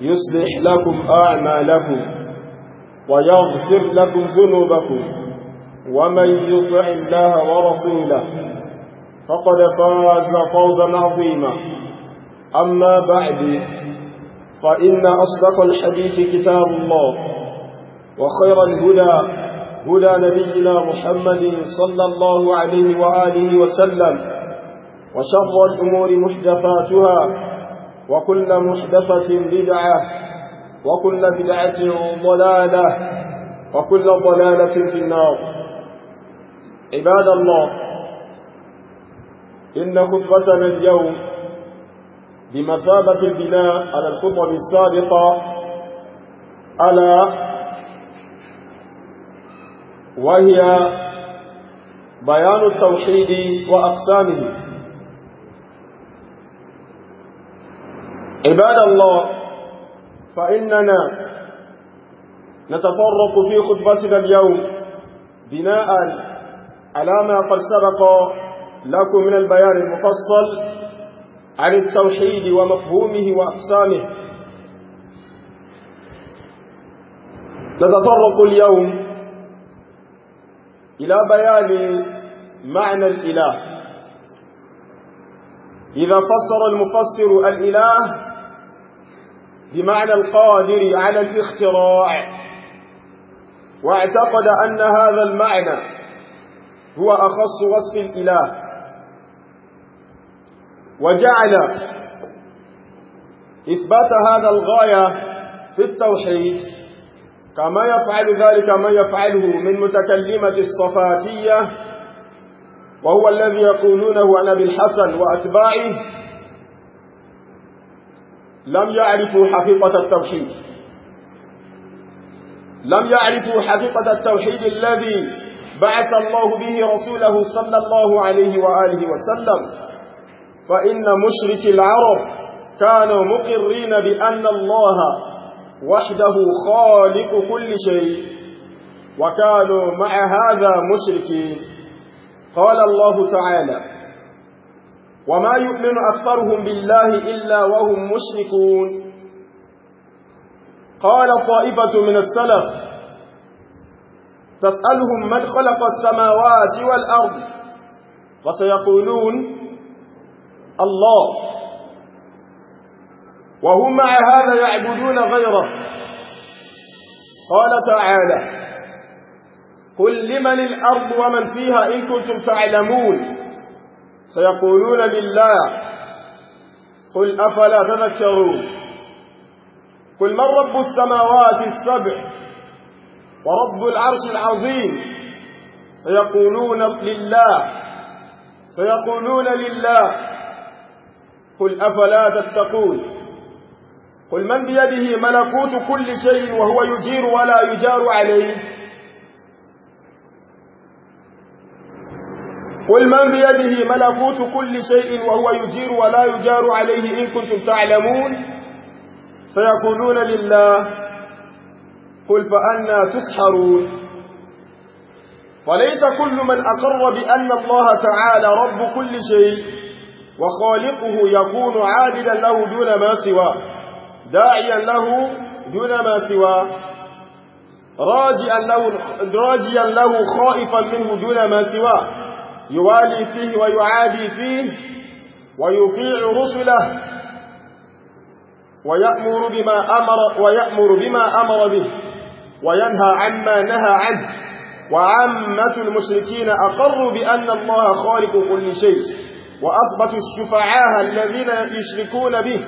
يصلح لكم أعمالكم ويغفر لكم ذنوبكم ومن يطع الله ورسوله فقد فاز فوزا عظيما أما بعد فإن أصدق الحديث كتاب الله وخير الهدى هدى نبينا محمد صلى الله عليه وآله وسلم وشر الأمور محدثاتها وكل محدثة بدعة وكل بدعة ضلالة وكل ضلالة في النار عباد الله إن خطبتنا اليوم بمثابة البناء على الخطب السابقة ألا وهي بيان التوحيد وأقسامه عباد الله فإننا نتطرق في خطبتنا اليوم بناء على ما قد سبق لكم من البيان المفصل عن التوحيد ومفهومه وأقسامه نتطرق اليوم إلى بيان معنى الإله إذا فسر المفسر الإله بمعنى القادر على الاختراع واعتقد أن هذا المعنى هو أخص وصف الإله وجعل إثبات هذا الغاية في التوحيد كما يفعل ذلك من يفعله من متكلمة الصفاتية وهو الذي يقولونه عن أبي الحسن وأتباعه لم يعرفوا حقيقة التوحيد لم يعرفوا حقيقة التوحيد الذي بعث الله به رسوله صلى الله عليه وآله وسلم فإن مشرك العرب كانوا مقرين بأن الله وحده خالق كل شيء وكانوا مع هذا مشركين قال الله تعالى وما يؤمن أكثرهم بالله إلا وهم مشركون قال طائفة من السلف تسألهم من خلق السماوات والأرض فسيقولون الله وهم مع هذا يعبدون غيره قال تعالى قل لمن الأرض ومن فيها إن كنتم تعلمون سيقولون لله قل أفلا تذكرون قل من رب السماوات السبع ورب العرش العظيم سيقولون لله سيقولون لله قل أفلا تتقون قل من بيده ملكوت كل شيء وهو يجير ولا يجار عليه قل من بيده ملكوت كل شيء وهو يجير ولا يجار عليه إن كنتم تعلمون سيقولون لله قل فأنا تسحرون وليس كل من أقر بأن الله تعالى رب كل شيء وخالقه يكون عابدا له دون ما سواه داعيا له دون ما سواه راجيا له, راجيا له خائفا منه دون ما سواه يوالي فيه ويعادي فيه ويطيع رسله ويأمر بما أمر ويأمر بما أمر به وينهى عما نهى عنه وعامة المشركين أقروا بأن الله خالق كل شيء وأثبتوا الشفعاء الذين يشركون به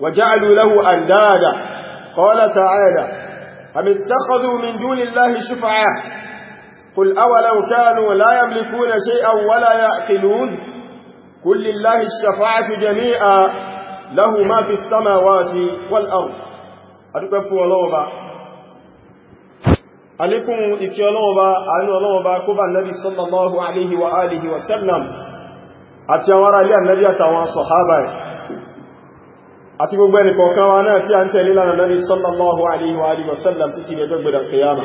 وجعلوا له أندادا قال تعالى هم اتخذوا من دون الله شفعاء قل أولو كانوا لا يملكون شيئا ولا يعقلون كل الله الشفاعة جميعا له ما في السماوات والأرض أتكفوا الله با أليكم إكي الله با أعنوا الله با كبا النبي صلى الله عليه وآله وسلم أتيوارا لي النبي أتوا صحابا أتكفوا بني كوكاوانا أتيان تليلا النبي صلى الله عليه وآله وسلم تتيني جبدا قياما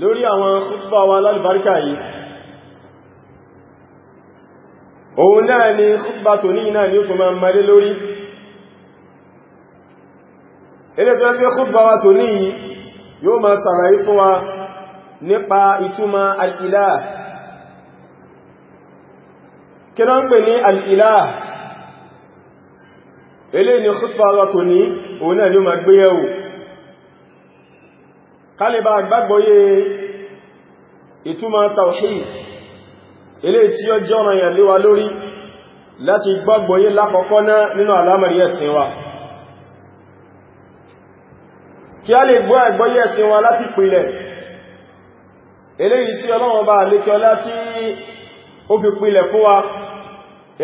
lórí àwọn khutba wa lálùbáríkà yìí òun náà ni khutba tó ní náà ni ó tún máa mẹ́lé lórí ilé tó ẹgbẹ́ khutba wa tó ní yìí yóò máa sàràyí fún wa nípa ìtumọ̀ al'ilá kí náà ń pè ní al'ilá ilé ni khutba wa tó ní òun náà ni ó máa gbéyẹ̀wò kálẹ̀bà gbàgbọ́yé ìtumọ̀ tawhid ilé tí ó jẹ́ ọ̀nà yà léwa lórí láti gbàgbọ́yé lákọ̀ọ́kọ́ náà nínú àlámàrí ẹ̀sìn wa kí a lè gbọ́ ẹ̀gbọ́yé ẹ̀sìn wa láti pìlẹ̀ eléyìí tí ọlọ́wọ́n bá lékẹ́ láti ó fi pìlẹ̀ fún wa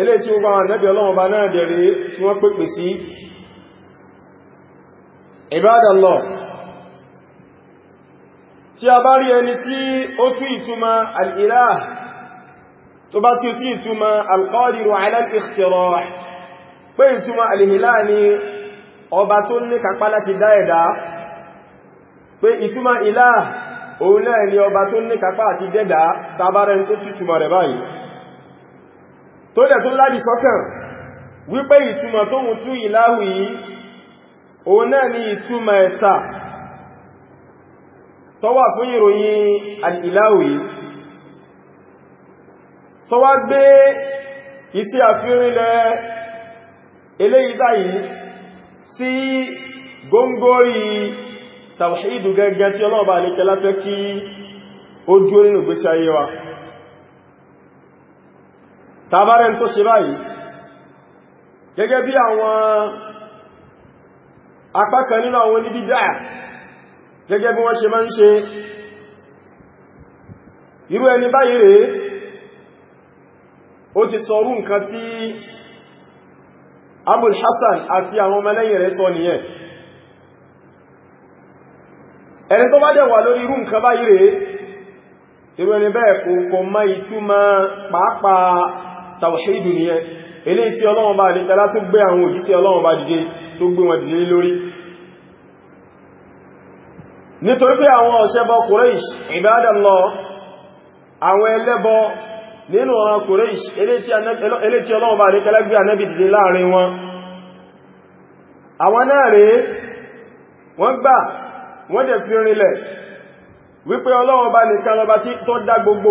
eléyìí tí ó bá wọn nẹ́bí ọlọ́wọ́n bá náà dẹ̀rẹ̀ tí wọ́n pèpè sí Ibadallah tí a bá rí ẹni tí ó tú ìtumọ̀ al'ilah tó bá tí ó sí ìtumọ̀ alqadiru ala al-ikhtira' pé ìtumọ̀ al'ilah ni ọba tó ní kápá láti dá ẹ̀dá pé ìtumọ̀ ilah òun náà ni ọba tó ní kápá àti dẹ́dá tàbárẹ̀ tó wà fún ìròyìn alìláwì tó wá gbé iṣẹ́ àfihànlẹ̀ eléyìí yìí sí góngórí tàwàídù gẹ́gẹ́ tí ọlọ́ọ̀bá alẹ́kẹ́ láfẹ́ kí ó dúó nínú gbésí ayé wa tàbárẹ̀ tó ṣe báyìí gẹ́gẹ́ bí àwọn apákan nínú àwọn oníbídá gẹ́gẹ́ bí wọ́n ṣe máa ń ṣe irú ẹni báyìí rẹ̀ ó ti sọrú nǹkan tí Abul Hassan àti àwọn ọmọlẹ́yìn rẹ̀ sọ nìyẹn ẹni tó bá dẹ̀ wà lórí irú nǹkan báyìí rẹ̀ irú ẹni bẹ́ẹ̀ kò kò mọ̀ ìtumọ̀ pàápàá tàwàṣídù nìyẹn eléyìí tí Ọlọ́run bá lórí nítorí pé àwọn ọ̀ṣẹ́bọ Quraysh Ibadallah àwọn ẹlẹ́bọ nínú ọ̀rọ̀ Quraysh eléti Ọlọ́run bá rékẹ́lẹ́ gbé Ànábì dìde láàrin wọn àwọn náà rèé wọ́n gbà wọ́n jẹ́ fi rinlẹ̀ wípé Ọlọ́run bá nìkan lọba tí tó dá gbogbo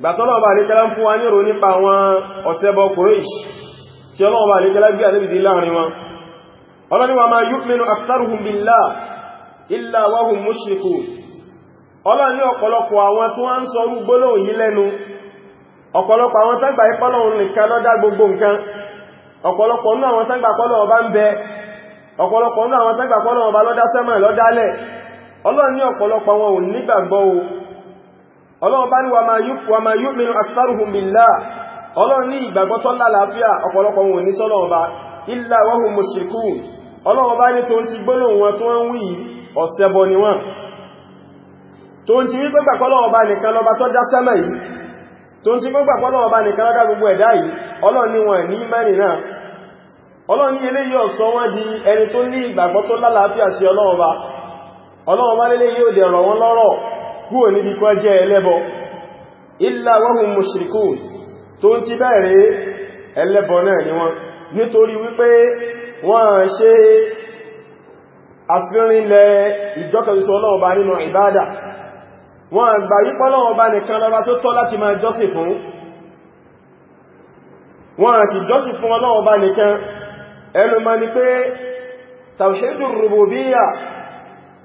gbàtọ́lọ́ọ̀bà àríkẹ́lá ń fún wa ní ìròyìn nípa àwọn ọ̀sẹ̀bọ Quraysh tí ọlọ́ọ̀bà àríkẹ́lá gbé àníbìdí láàrin wọn ọlọ́ni wa ma yu'minu aktharuhum billah illa wa hum mushrikun ọlọ́ni ọlọ́run bá ní wà máa yóò mẹ́nu aktharuhum billah ọlọ́run ní ìgbàgbọ́ tó lálàáfíà ọ̀pọ̀lọpọ̀ wọn ní sọ́lọ́run bá illa wa hum mushrikun ọlọ́run bá ní tó ń ti gbónà wọn tó ń wí ọ̀sẹ̀bọ ọlọ́run ní wọn ní mẹ́rin di ẹni tó ní ìgbàgbọ́ tó lálàáfíà sí ọlọ́run bá ọlọ́run bá lélẹ́yìí ò dẹ̀rọ̀ wọn lọ́rọ̀ kúrò níbi kọ́ jẹ́ ẹlẹ́bọ illa wahum mushrikun tó ń ti bẹ̀rẹ̀ ẹlẹ́bọ náà ni wọ́n nítorí wípé wọ́n ṣe àfihànlẹ̀ ìjọkẹ̀sọ Ọlọ́run Ọba nínú ìbádà wọ́n gbà wípé Ọlọ́run Ọba nìkan lọ́ba tó tọ́ láti máa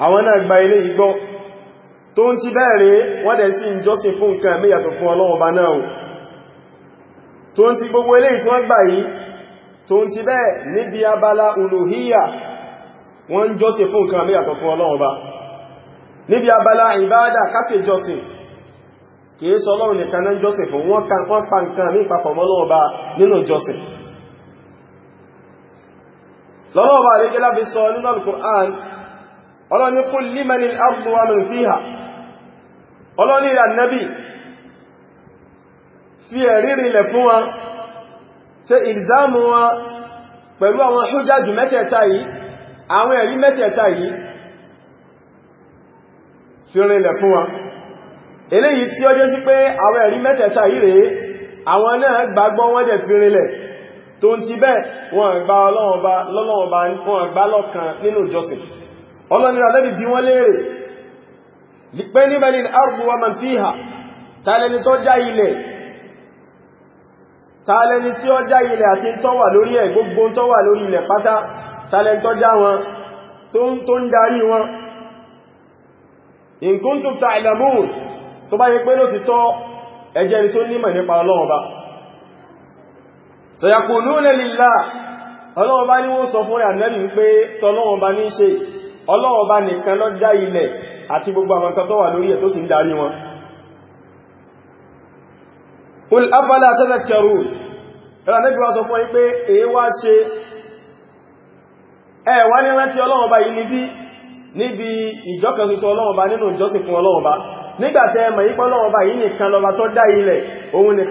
àwọn náà gba ilé igbọ́ tó ń ti bẹ́ẹ̀rẹ̀ wọ́n sí ìjọsìn fún nǹkan fún Ọlọ́run tó ń ti gbogbo ilé tí wọ́n yìí tó ń ti bẹ́ẹ̀ níbi abala uluhiyya wọ́n jọ́sìn fún nǹkan fún abala sọ pa ní ìpapọ̀ nínú jọ́sìn ọlọ́ni kún límẹ́ni arduwamin fíhà ọlọ́ni ìrànnẹ́bì fi ẹ̀rí rinlẹ̀ fún wọn ṣe ìlzámù wọn pẹ̀lú àwọn ṣújájù mẹ́tẹ̀ẹ̀ta yìí àwọn ẹ̀rí mẹ́tẹ̀ẹ̀ta yìí fi rinlẹ̀ fún wọn eléyìí tí ó jẹ́ sí pé àwọn ẹ̀rí mẹ́tẹ̀ẹ̀ta yìí rèé àwọn náà gbàgbọ́ wọ́n dẹ̀ fi rinlẹ̀ tó ń ti bẹ́ẹ̀ wọ́n gbà ọlọ́wọ́n bá wọ́n gbà lọ́kàn nínú ìjọsìn ọlọ́nira lẹ́bí bí wọ́n léèrè pé níbẹ̀lì ardu wa man fiha tààlẹni tó já ilẹ̀ tààlẹni tí ó já ilẹ̀ àti tó wà lórí ẹ̀ gbogbo tó wà lórí ilẹ̀ pátá tààlẹni tó já wọn tó ń darí wọn in kuntum ta'lamun tó bá yẹ pé ló ti tọ́ ẹjẹ́ tó nímọ̀ nípa ọlọ́run ba sayaquluna lillah ní wọ́n sọ fún rẹ̀ ànẹ́lì ń pé ní ṣe ọlọ́run bá nìkan lọ dá ilẹ̀ àti gbogbo àwọn nǹkan tó wà lórí ẹ̀ tó sì ń darí wọn ul afala tadhakkaru ẹ̀rọ nẹ́bí wá sọ fún ẹ pé èé wá ṣe ẹ ní rántí ọlọ́run yìí níbi níbi ìjọkan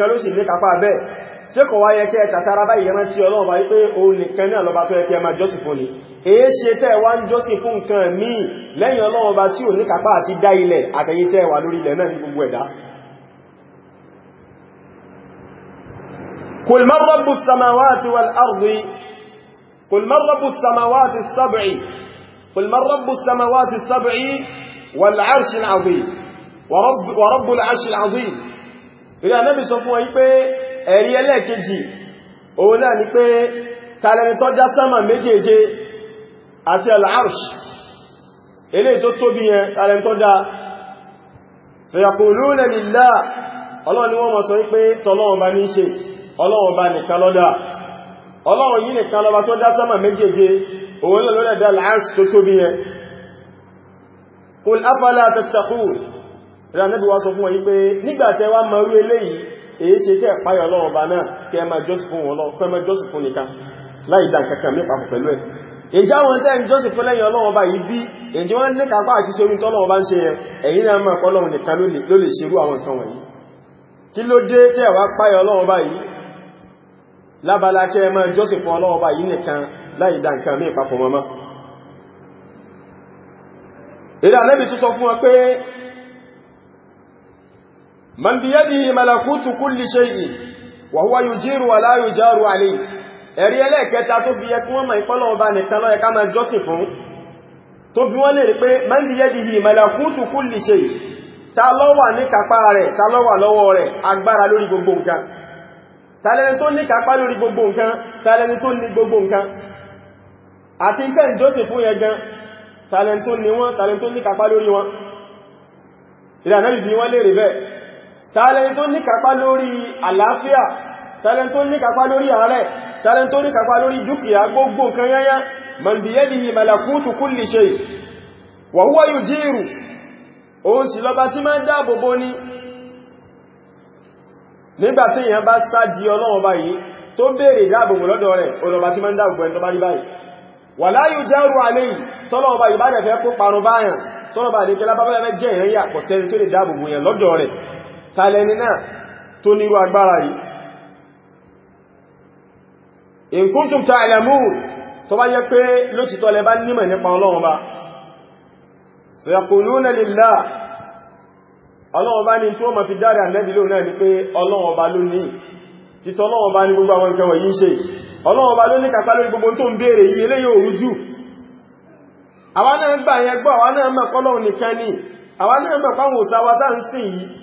ṣoṣo ṣé kò wá yẹ kí tàtàrà báyìí ẹran tí ọlọ́run bá wípé òun nìkan náà lọ́ba tó yẹ máa jọ́sìn fún ni èé ṣe tẹ́ wá ń jọ́sìn fún nǹkan míì lẹ́yìn ọlọ́run tí ò ní kápá àti dá ilẹ̀ ilẹ̀ náà ní gbogbo ẹ̀dá قل من السماوات والأرض قل من السماوات السبع قل من السماوات السبع والعرش العظيم ورب, ورب العرش العظيم إذا نبي ẹ̀rí ẹlẹ́ẹ̀kejì òun náà ni pé tàlẹ́ni tó já sánmà méjèèje àti al-arsh tó tóbi yẹn tàlẹ́ni tó dá sayaquluna ọlọ́run ni wọ́n mọ̀ sọ wípé tọ́lọ́run bá ní ṣe dá dá afala tattaqun sọ fún wọn yí pé èyí ṣe tẹ́ páyọ̀ lọ́wọ́ bá náà kẹ ma jọ́sì fún wọn lọ́wọ́ kẹma jọ́sì fún nìkan láì dá nǹkan kan mípa pẹ̀lú ẹ̀ ìjá wọn tẹ́ jọ́sì fún lẹ́yìn ọlọ́wọ́ bá yìí bí èjì wọ́n ní kápá àti ṣe orí tọ́lọ́wọ́ bá ń ṣe yẹn ẹ̀yìn náà mọ̀ pọ́lọ́wọ́ nìkan ló lè ṣerú àwọn nǹkan wọ̀nyí kí ló dé tẹ́ wá páyọ̀ ọlọ́wọ́ bá yìí lábala kẹ́ mọ́ jọ́sì fún ọlọ́wọ́ bá yìí nìkan láì dá nǹkan mípa pọ̀ mọ́mọ́ من بيده ملكوت كل شيء وهو يجير ولا يجار عليه ẹ̀rí ẹlẹ́ẹ̀kẹta tó fi yẹ kí wọ́n mọ̀ ìpọ́lọ̀ ọba nìkan ló yẹ ká máa jọ́sìn fún tó bí wọ́n lè rí pé man biyadihi malakutu kulli shay ta ló wà ní kápá rẹ̀ ta ló wà lọ́wọ́ rẹ̀ agbára lórí gbogbo nǹkan ta lẹni tó ní kápá lórí gbogbo nǹkan ta lẹni tó ní gbogbo nǹkan àti ìfẹ́ ìjọsìn fún yẹn gan ta lẹni tó ní wọ́n ta lẹni tó ní kápá lórí wọn ìlànà ìbí wọ́n lè rí bẹ́ẹ̀ tààlẹ̀ tó ní kàpá lórí àlàáfíà tààlẹ̀ tó ní kàpá lórí ààrẹ tààlẹ̀ tó ní kàpá lórí dúkìá gbogbo nǹkan yányá man biyadihi malakutu kulli shay wa huwa yujiru òun sì lọba tí máa dáàbòbò ní nígbàtí èèyàn bá sáàjì ọlọ́wọ́ báyìí tó bèèrè dáàbòbò lọ́dọ̀ rẹ̀ olọba tí máa dáàbòbò ẹni tó bá rí báyìí wà láyé jẹ́rù àlẹ́ tọ́lọ́wọ́ báyìí kó parun báyàn tọ́lọ́bà ní kẹlá bá fẹ́ jẹ́ ìrìnyà kọ̀sẹ́ni tó lè dáàbòbò yẹn lọ́dọ̀ rẹ̀ tàlẹ́ni náà tó nírú agbára yìí in kuntum ta'lamun tó bá yẹ pé lótìtọ́ lẹ bá nímọ̀ nípa ọlọ́run bá sayaquluna lillah ọlọ́run bá ní tí ó ma fi dáre ànẹ́bì náà ni pé ọlọ́run bá ló ní àwọn ìkẹwọ̀ ń gbà yẹn gbọ́ àwọn náà mọ̀ pọ́lọ́run nìkan àwọn náà mọ̀ pàwọn ń sìn yìí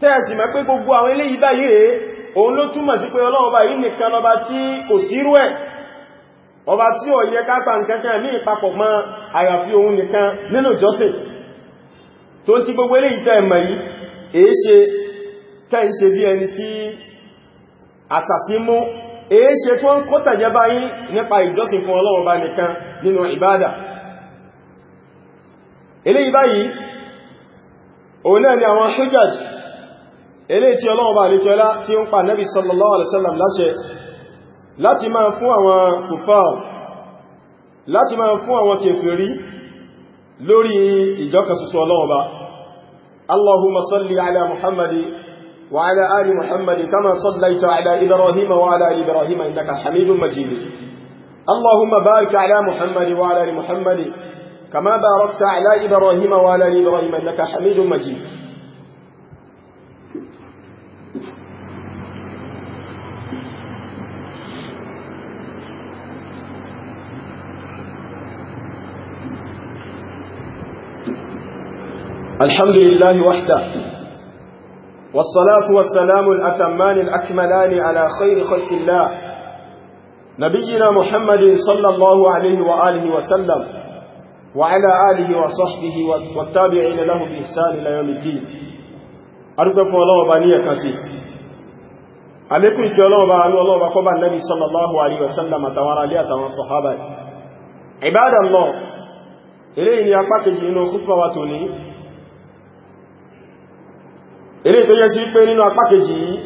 tẹ́ẹ̀sì mẹ́ pé gbogbo àwọn eléyìí báyìí rèé òun ló túmọ̀ sí pé ọlọ́run ọba yìí nìkan lọba tí kò sírú ẹ̀ ọba tí ó yẹ kápa nǹkankan ní ìpapọ̀ mọ́ àyàfi òun nìkan nínú ìjọsìn tó ti gbogbo eléyìí tẹ́ ẹ̀mọ̀ yìí èé ṣe tẹ́ ń ṣe eléyìí báyìí òun náà ni àwọn hujjaj eléyìí tí ọlọ́run bá àlékẹ́lá tí ó ń pa nẹ́bí sallallahu alaihi wasallam láṣẹ láti máa fún àwọn kùfàà láti máa fún àwọn kèfèrí lórí ìjọkàsùsù ọlọ́run bá allahumma salli ala muhammadi wa ala ali muhammadi kama sallaita ala ibrahim wa ala ali ibrahim innaka hamidun majid allahumma barik ala muhammadi wa ala ali muhammadi kama barakta ala ibrahim wa ala ali ibrahim innaka hamidun majid الحمد لله وحده والصلاة والسلام الأتمان الأكملان على خير خلق الله نبينا محمد صلى الله عليه وآله وسلم وعلى آله وصحبه والتابعين له بإحسان إلى يوم الدين أرجو فالله بني كسي عليكم في الله وعلى الله وقبع النبي صلى الله عليه وسلم توارى لي أتوان صحابة عباد الله إليه يا باكي جنو خطوة وتوني eré tó yẹ sí pé nínú apá kejì yìí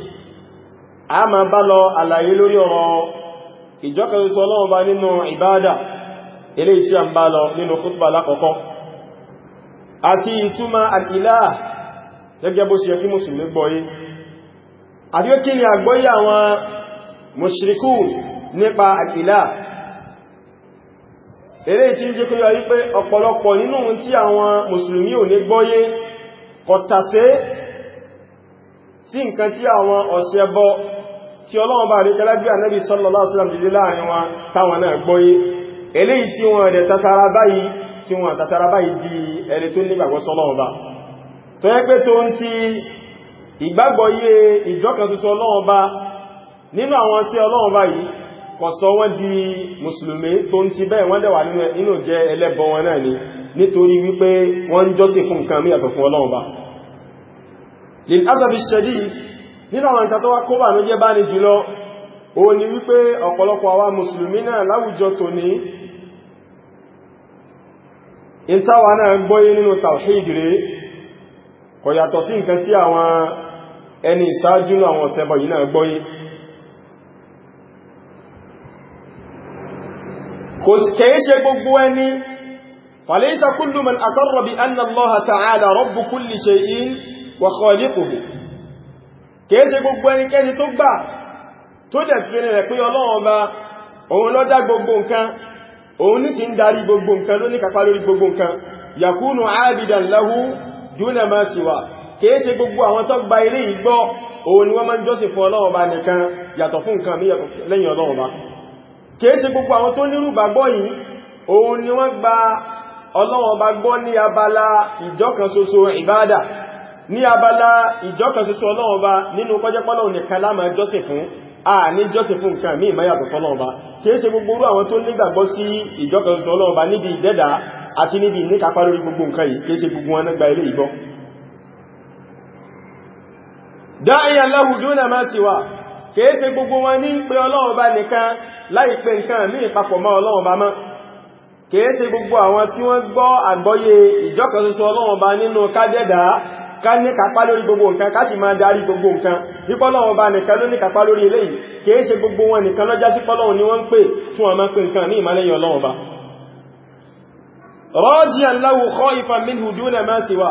a máa bá lọ àlàyé lórí ọ̀rọ̀ ìjọ́kẹsọ Ọlọ́run bá nínú ìbáadà eré tí a ń bá lọ nínú kútbà lákọ̀ọ́kọ́ àti ìtumọ̀ al-ilah gẹ́gẹ́ bó ṣe kí mùsùlùmí gbọ́yé tí ń jẹ́ kó yọ wípé ọ̀pọ̀lọpọ̀ nínú tí àwọn mùsùlùmí ò ní gbọ́yé kọ̀tàsé sí nǹkan tí àwọn ọ̀sẹ̀ bọ́ tí ọlọ́run bá rí kẹlẹ́gbẹ́ ànẹ́bì sallallahu alaihi wasallam dìde láàrin wọn táwọn náà di ẹni tó nígbàgbọ́ sọ́lọ́run bá tó yẹ pé tó ń ti ìgbàgbọ́yé ìjọkàntútù ọlọ́run bá nínú àwọn sí ọlọ́run báyìí kò wọ́n di mùsùlùmí tó ń ti bẹ́ẹ̀ wọ́n dẹ̀wà nínú jẹ́ ẹlẹ́bọ wọn náà ni nítorí wípé wọ́n ń jọ́sìn fún nǹkan mí yàtọ̀ ọlọ́run bá lil asabi shadid nínú àwọn nǹkan tó wá kó bà mí jẹ́ bá ní jùlọ ó ní wípé ọ̀pọ̀lọpọ̀ àwa mùsùlùmí náà láwùjọ tó ní ìtawà náà gbọ́yé nínú tawhid rẹ̀ kò yàtọ̀ sí nǹkan tí àwọn ẹni ìsáájú àwọn ọ̀sẹ̀bọ̀ yìí náà wa khaliquhu kìí ṣe gbogbo ẹnikẹ́ni tó gbà tó dẹ̀ fi rẹ̀ pé ọlọ́run ọba òun ló dá gbogbo nǹkan òun ní sí ń darí gbogbo nǹkan ló ní kapa lórí gbogbo nǹkan yakunu abidan lahu duna ma siwa kìí ṣe gbogbo àwọn tó gba ilé ìgbọ́ òun ni wọ́n máa ń jọ́sìn fún ọlọ́run ọba nìkan yàtọ̀ fún nǹkan lẹ́yìn ọlọ́run ọba ìbádà ní abala ìjọ́kan ṣoṣo Ọlọ́run Ọba nínú kọjẹ́pọ́lọ́run nìkan la máa jọ́sìn fún a ní jọ́sìn fún nǹkan mí ìmáyàtọ̀ sọ́lọ́run Ọba kìí ṣe gbogbo àwọn tó nígbàgbọ́ sí ìjọ́kan ṣoṣo Ọlọ́run Ọba níbi ìdẹ́dà àti níbi ìníkapá lórí gbogbo nǹkan yìí kìí ṣe gbogbo wọn gba ilé ìgbọ́ dáìyà lahu dúnà máa ti wà kìí ṣe gbogbo wọn ní pé Ọlọ́run Ọba nìkan láì pé nǹkan mí ìpapọ̀ mọ́ Ọlọ́run Ọba mọ́ kìí ṣe gbogbo àwọn tí wọ́n gbọ́ àgbọ́yé ìjọ́kan ṣoṣo Ọlọ́run nínú kádẹ́dàá ká ní kápá lórí gbogbo nǹkan ká sì máa darí gbogbo nǹkan nípọ́lọ́wọ́ bá nìkan ló ní kápá lórí eléyìí kìí ṣe gbogbo wọn nìkan lọ́já sí pọ́lọ́wọ́ ni wọ́n ń pè fún ọmọ pé nǹkan ní ìmọ̀lẹ́yìn ọlọ́wọ́ bá rọ́jíyàn láwù kọ́ ìfà minhu dúnà máa sì wà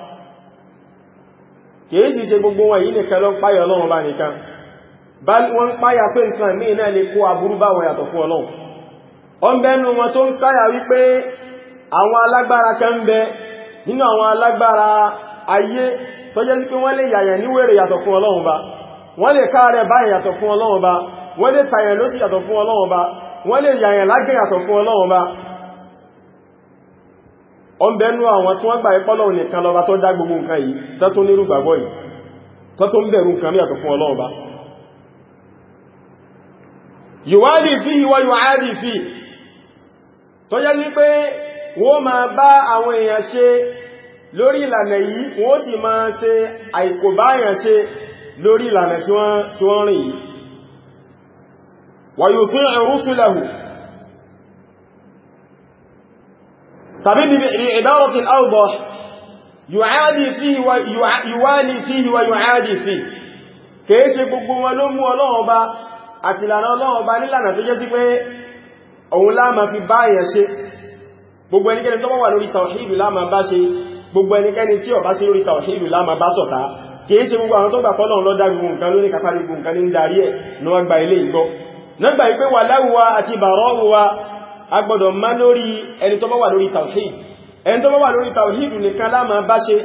kìí sì ṣe gbogbo wọn yìí nìkan ló ń páyà ọlọ́run bá nìkan bá wọ́n ń páyà pé nǹkan míì náà lè kó aburú bá wọn yàtọ̀ fún ọlọ́run ọm bẹnu wọn tó ń páyà wípé àwọn alágbára kan nínú àwọn alágbára ayé bá wọ́n lè káàrẹ yàtọ̀ fún bá ọm bẹnu àwọn tí wọ́n gbà ipọ́lọ̀ nìkan lọba tó dá gbogbo nǹkan yìí tó tó nírú gbàgbọ́ yìí tó tó ń bẹ̀rù nǹkan mìíràn fún ọlọ́ọ̀ba yíwádìí fi ìwọ yíwádìí tàbí bí ìbáwọ̀tí al'aubọ̀ yùáàdì fi wa yùáàdì fi kèé ṣe gbogbo wọn ló mú ọlọ́wọ́n bá àti ìlànà ọlọ́wọ́n bá nílànà tó jẹ́ sí pé òun láàmà fi bá èèyàn ṣe gbogbo ẹnikẹ́ni tó wà lórí tàwàhídù láàmà bá ṣe gbogbo ẹnikẹ́ni tí ó bá sí lórí tàwàhídù láàmà bá ṣọ̀tá kìí ṣe gbogbo àwọn tó gbà fọ́lọ̀ lọ́dá gbogbo nǹkan lórí kàfàrí gbogbo nǹkan ní darí lọ́gbà ilé ìgbọ́ nígbà ìpé wà láwùwa àti bàrọ́wùwa agbọ́dọ̀ má lórí ẹni tó bá wà lórí tawhid ẹni tó bá wà lórí tawhid nìkan láàmà bá ṣe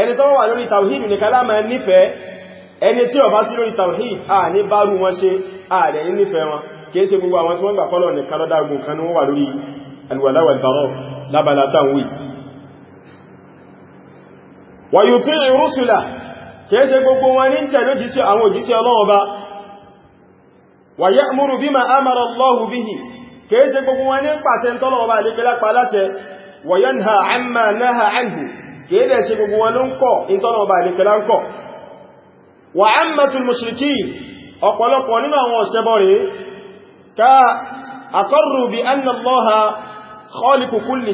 ẹni tó bá wà lórí tawhid nìkan láàmà nífẹ̀ẹ́ ẹni tí ó bá sí lórí tawhid à ní bárú wọn ṣe ààrẹ nífẹ̀ẹ́ wọn kìí ṣe gbogbo àwọn tí wọ́n gbà kọ́lọ̀ nìkan lọ́dágun kan ní wọ́n kìí ṣe gbogbo wọn ní pàṣẹ tọ́lọ̀ ọba àlẹ́gbẹ́ lápá láṣẹ wọ̀yánhà àmà náà àìhù kìí dẹ̀ ṣe gbogbo wọn ló ń kọ̀ ìtọ́lọ̀ ọba àlẹ́gbẹ́ láńkọ̀ wà ámàtù mùsùlùkì ọ̀pọ̀lọpọ̀ nínú àwọn ọ̀ṣẹ́bọ̀ rẹ̀ ká àkọrù bí annàlọ́ha khaliqu kulli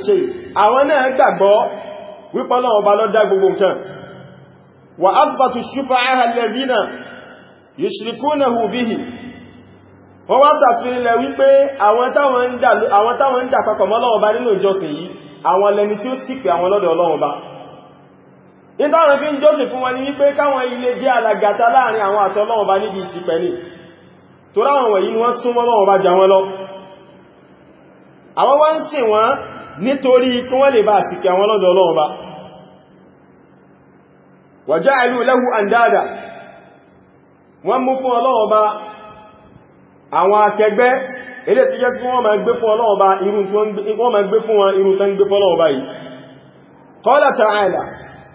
wọ́n wá sàfihànlẹ̀ wípé àwọn táwọn ń dà papọ̀ mọ́ Ọlọ́run Ọba nínú ìjọsìn yìí àwọn lẹni tí ó síkì àwọn lọ́dọ̀ Ọlọ́run Ọba ní táwọn fi ń jọ́sìn fún wọn ní wípé káwọn ilé jẹ́ alàgàtà láàrin àwọn àti Ọlọ́run ní àwọn akẹgbẹ́ ilé tí jẹ́ sí wọ́n máa gbé fún Ọlọ́run bá irun tán gbé fún Ọlọ́run bá yìí qala ta'ala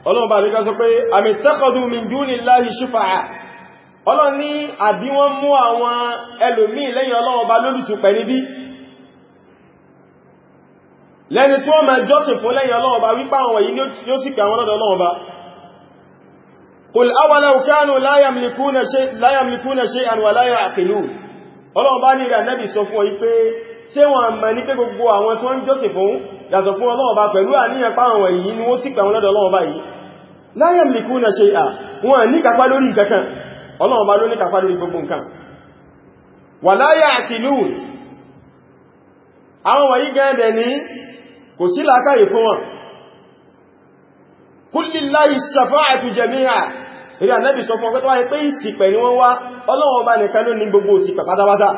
Ọlọ́run bá rí ká sọ pé amittakhadhu min dunillahi shufa'a Ọlọ́run ní àbí wọ́n mú àwọn ẹlòmí lẹ́yìn Ọlọ́run bá lólùsùpẹ̀ níbí lẹ́ni tí wọ́n máa jọ́sìn ọlọ́run bá nílẹ̀ ànẹ́bì sọ fún ọ wípé ṣé wọn mọ̀ ní pé gbogbo àwọn tó ń jọ́sìn fún yàtọ̀ fún ọlọ́run bá pẹ̀lú àníyàn páwọn èyí ni wọ́n sì pẹ̀wọ́n lọ́dọ̀ ọlọ́run bá yìí la yamlikuna shay'a wọn ní kápá lórí nǹkankan ọlọ́run bá ló ní kápá lórí gbogbo nǹkan wala ya'qilun àwọn wọ̀nyí gẹ́ẹ̀dẹ̀ ní kò sí làákàyè fún wọn kullillahi shafa'atu jami'a ìrìn ànẹ́bì sọ fún ọgbẹ́tọ́wà pé ìsìpẹ̀ ni wọ́n wá ọlọ́wọ́ bá nìkan ló ní gbogbo òsìpẹ̀ pátápátá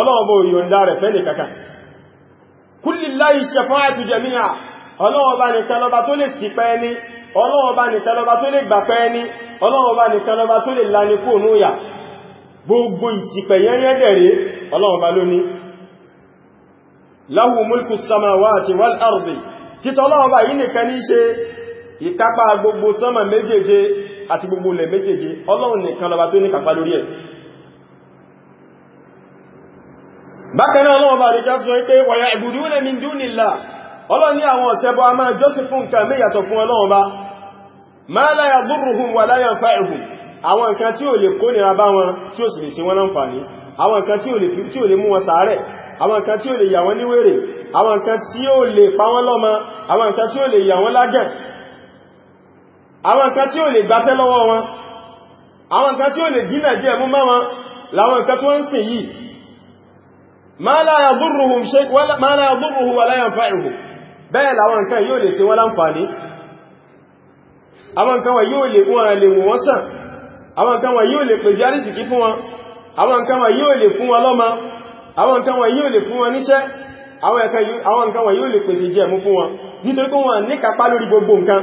ọlọ́wọ́ bó yọ̀ǹda rẹ̀ fẹ́ nìkankan kullillahi shafa'atu jami'a ọlọ́wọ́ bá nìkan lọba tó lè sìpẹ̀ ẹni ọlọ́wọ́ bá nìkan lọba tó lè gbàpẹ́ ẹni ọlọ́wọ́ bá nìkan lọba tó lè lanikú ònúyà gbogbo ìsìpẹ̀ yẹnyẹ́ dẹ̀rẹ́ ọlọ́wọ́ bá lóní lahu mulku samawati wal ardi títọ́lọ́wọ́ bá yìí nìkan ní ṣe ìkápá gbogbo sánmà méjèèje àti gbogbo ilẹ̀ méjèèjì ọlọ́run nìkan lọba tó ní kàpá lórí ẹ̀ bákanáà ọlọ́run bá ríkẹ́ sọ pé wọ̀yà ìbùdúnlẹ̀ min dúnillah ọlọ́run ní àwọn ọ̀sẹ̀bọ̀ a máa jọ́sìn fún nǹkan méyàtọ̀ fún ọlọ́run bá ma la yadurruhum wa la yanfa'uhum àwọn nǹkan tí ò lè kó nira bá wọn tí ó sì lè sí wọn láǹfààní àwọn nǹkan àwọn nǹkan tí ó lè gbáṣẹ́ lọ́wọ́ wọn àwọn nǹkan tí ó lè dínà jẹ́ mú mọ́ wọn láwọn nǹkan tó ń sìn yìí ma la yadurruhum shay ma la yadurruhu wa la yanfa'uhu bẹ́ẹ̀ láwọn nǹkan yóò lè ṣe wọ́n láǹfààní àwọn nǹkan wọ̀nyí yóò lè wọ́n lè wọ́n sàn àwọn nǹkan wọ̀nyí yóò lè pèsè àrísìkí fún wọn àwọn nǹkan wọ̀nyí yóò lè fún wọn lọ́mọ àwọn nǹkan wọ̀nyí yóò lè fún wọn níṣẹ́ àwọn nǹkan wọ̀nyí yóò lè pèsè jẹ́ mú fún wọn nítorí pé wọn ní lórí gbogbo nǹkan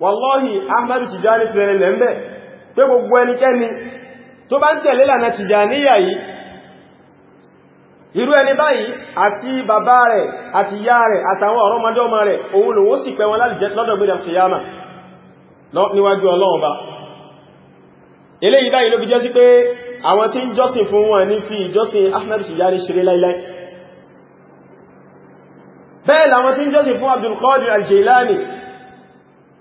wallahi ahmadu tijani ti rẹ̀ lẹ́m̀bẹ̀ pé gbogbo ẹnikẹ́ni tó bá ń tẹ̀lé lànà tìjàníyà yìí irú ẹni báyìí àti bàbá rẹ̀ àti ìyá rẹ̀ àtàwọn ọ̀rọ̀mọdé ọmọ rẹ̀ òun lòun ó sì pẹ́ wọn lọ́dọ̀ gbé dàmfìyàmà níwájú ọlọ́run bá eléyìí báyìí ló fi jẹ́ sí pé àwọn tí ń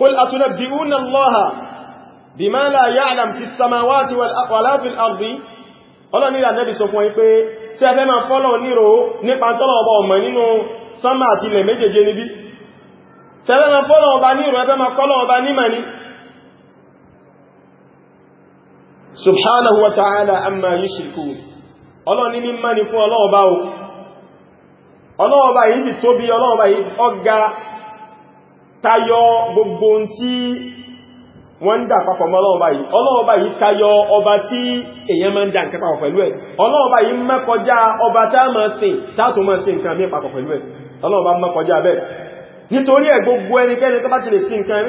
قل أتنبئون الله بما لا يعلم في السماوات ولا في الأرض ọlọ́ni ìrìn àdẹ́bì sọ fún ẹgbẹ́ tí a fẹ́ máa fọ́lọ̀ nírò nípa tọ́lọ̀ ọba ọmọ nínú sánmà àti ilẹ̀ méjèèjì níbi tí a fẹ́ máa fọ́lọ̀ ọba nírò ẹfẹ́ máa kọ́lọ̀ ọba nímà ní subhanahu wa ta'ala amma yushrikun ọlọ́ni ní mọ́ ni fún ọlọ́ọba tayọ gbogbo tí wọ́n ń dà papọ̀ mọ́ ọlọ́ọ̀bá yìí ọlọ́ọ̀bá yìí tayọ ọba tí èyàn máa ń dà nǹkan papọ̀ pẹ̀lú ẹ̀ ọlọ́ọ̀bá yìí mẹ́kọjá ọba tá máa sìn tátò máa sìn nǹkan mí papọ̀ pẹ̀lú ẹ̀ ọlọ́ọ̀bá mẹ́kọjá bẹ́ẹ̀ nítorí ẹ̀ gbogbo ẹnikẹ́ni tó bá ti lè sí nǹkan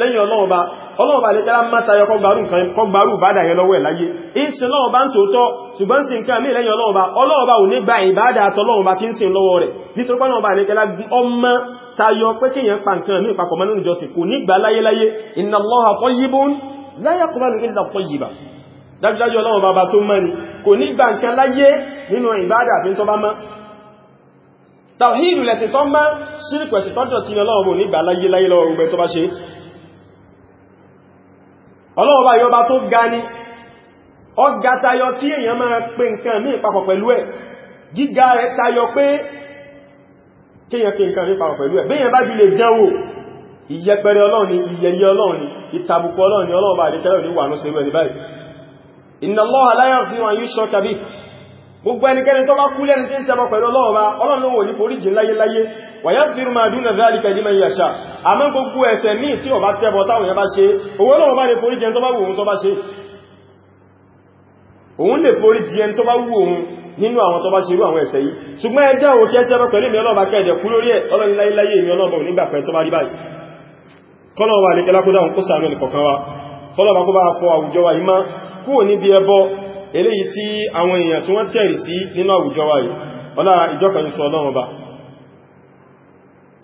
lẹ́yìn ọlọ́run bá ọlọ́run bá lè jẹ́lá mátayọ kọgbàrù bádà yẹ lọ́wọ́ ẹ̀ láyé ìsì lọ́run bá ń tòótọ́ ṣùgbọ́n sí nǹkan mí lẹ́yìn ọlọ́run bá ọlọ́run bá ò ní gba ìbádà àtọlọ́run bá ti ń sin lọ́wọ́ rẹ̀ nítorí pọ́nà bá nìkẹ́lá ọmọ tayọ pé kíyàn pa nǹkan ní ìpapọ̀ mẹ́nu ìjọsìn kò nígbà láyé láyé inna Allaha tayyibun la yaqbalu illa tayyiba dájúdájú ọlọ́run bàbá tó mọ́ ni kò nígbà nǹkan láyé nínú ìbádà àfi tó bá mọ́ tàwíìdù lẹ́sìn tó má ṣírìkù ẹ̀sìn tó dọ̀tí ọlọ́run mú nígbà láyé láyé lọ́wọ́ ogbẹ̀ tó bá ṣe ọlọ́run bá yọba tó ga ní ọgá tayọ kí èèyàn máa pe nǹkan ní ìpapọ̀ pẹ̀lú ẹ̀ gíga rẹ̀ tayọ pé kéèyàn pe nǹkan ní ìpapọ̀ pẹ̀lú ẹ̀ ni ìyẹyẹ ọlọ́run ni ìtàbùkù ọlọ́run ni ọlọ́run bá àdékẹ́lẹ̀ ní wà ní ṣe rẹ̀ ní la yaghfiru an yushraka bihi gbogbo ẹnikẹ́ni tó bá kú lẹ́ni tí ń ṣẹbọ pẹ̀lú Ọlọ́run bá Ọlọ́run wò ní foríjì láyéláyé wàyá fìrù máa dúnà záàríkà ìdí mẹ́yà ṣá àmọ́ gbogbo ẹ̀ṣẹ̀ míì tí ó bá táwọn yẹn bá ṣe kúrò níbi ẹbọ eléyìí tí àwọn èèyàn tí wọ́n tẹ̀rì sí nínú àwùjọ wáyé yìí ọlá ìjọkan ní ọlọ́run ba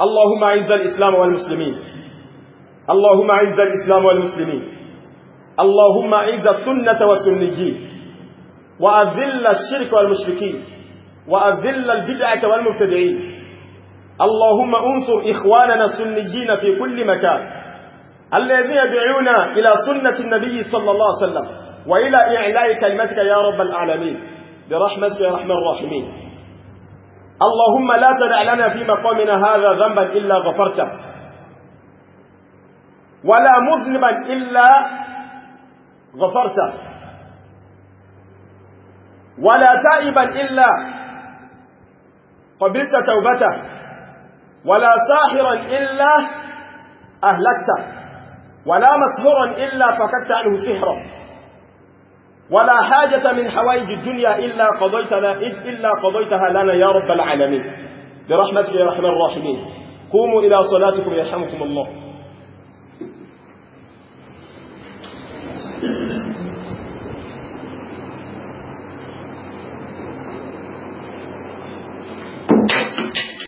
allahumma a'izzal islam wal muslimin allahumma a'izzal islam wal muslimin allahumma a'izz as-sunnata wa sunniyyin wa azilla ash-shirk wal mushrikin wa adhill al-bid'ata wal mubtadi'in allahumma unsur ikhwanana sunniyyin fi kulli makan الذين يدعون إلى سنة النبي صلى الله عليه وسلم وإلى إعلاء كلمتك يا رب العالمين برحمتك يا رحمن الراحمين اللهم لا تدع لنا في مقامنا هذا ذنبا إلا غفرته ولا مذنبا إلا غفرته ولا تائبا إلا قبلت توبته ولا ساحرا إلا أهلكته ولا مسهورا إلا فكدت عنه سحرا ولا حاجة من حوائج الدنيا إلا قضيتنا إلا قضيتها لنا يا رب العالمين برحمتك يا رحمن الراحمين قوموا إلى صلاتكم يرحمكم الله